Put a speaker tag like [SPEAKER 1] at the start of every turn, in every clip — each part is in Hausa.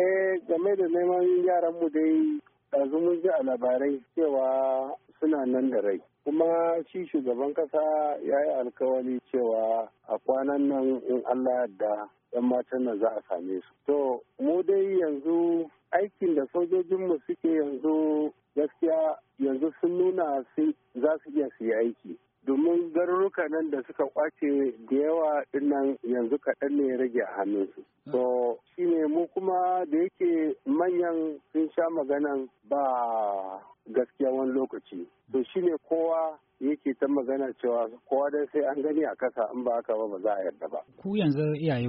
[SPEAKER 1] Eh game da neman yaran mu dai yanzu mun ji a labarai cewa suna nan da rai. Kuma shi shugaban kasa ya yi alkawari cewa a kwanan nan in Allah da 'yan matan nan za a same su. To mu dai yanzu aikin da sojojinmu suke yanzu gaskiya yanzu sun nuna za su iya su yi aiki domin garuruka nan da suka kwace da yawa dinnan yanzu kaɗan ne ya rage a hannunsu. Hmm. So, shi ne mu kuma da yake manyan sun sha maganan ba gaskiya wani lokaci. To shi ne kowa yake ta magana cewa kowa dai sai an gani a kasa in ba aka ba ba za a yarda ba.
[SPEAKER 2] Ku yanzu iyaye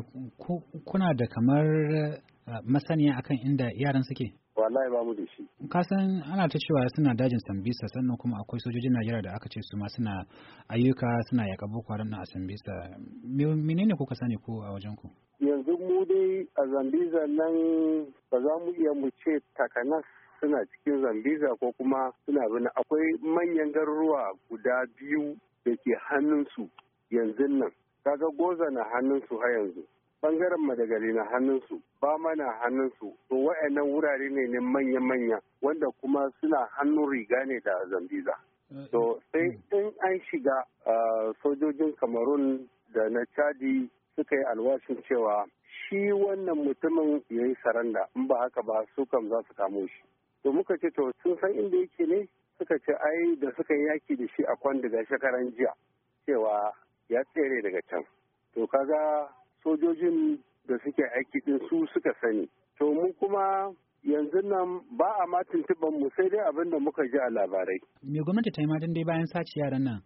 [SPEAKER 2] kuna da kamar eh, masaniya akan inda yaran suke?
[SPEAKER 1] wallahi ba mu da shi
[SPEAKER 2] ka san ana ta cewa suna dajin sambisa sannan kuma akwai sojojin najeriya da aka ce su ma suna ayyuka suna yaƙa boko haram a sambisa menene kuka sani ko a wajen ku
[SPEAKER 1] yanzu mu dai a zambiza nan ba za mu iya mu ce takanas suna cikin zambiza ko kuma suna bin akwai manyan garuruwa guda biyu da ke hannunsu yanzu nan kaga goza na hannunsu har yanzu bangaren madagari na hannunsu ba mana hannunsu to wa'annan wurare ne ne manya-manya wanda kuma suna hannun riga ne da zambiza eh, to eh, sai hmm. in an shiga sojojin kamarun da na chadi suka yi alwashin cewa shi wannan mutumin ya yi saranda in ba haka ba su kam za su kamo shi to muka ce to sun san inda yake ne suka ce ai da suka yi yaki da shi a kwan daga shekaran jiya cewa ya tsere daga can to kaga sojojin da suke aiki din su suka sani to mu kuma yanzu nan ba a ma tuntuban mu sai dai abin da muka ji a labarai.
[SPEAKER 2] Me gwamnati ta yi matan dai bayan sace yaran nan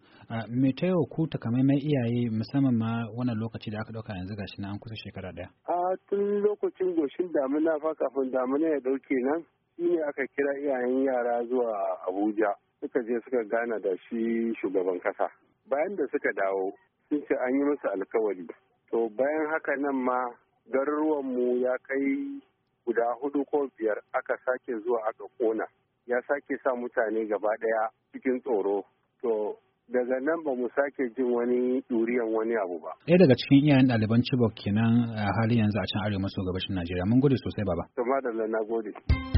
[SPEAKER 2] me ta yau ku takamaiman iyaye musamman ma wannan lokaci da aka dauka yanzu gashi na an kusa shekara daya.
[SPEAKER 1] A tun lokacin goshin damina fa kafin damina ya ɗauke nan shine aka kira iyayen yara zuwa Abuja suka je suka gana da shi shugaban kasa. Bayan da suka dawo sun ce an yi musu alkawari to bayan haka nan ma garuruwanmu ya kai guda hudu ko biyar aka sake zuwa aka kona ya sake sa mutane gaba daya cikin tsoro to daga nan ba mu sake jin wani duriyan wani abu ba.
[SPEAKER 2] Ɗaya daga cikin iyayen ɗaliban Chibok kenan a halin yanzu a can arewa maso gabashin Najeriya. Mun gode sosai baba.
[SPEAKER 1] Tuma da na gode.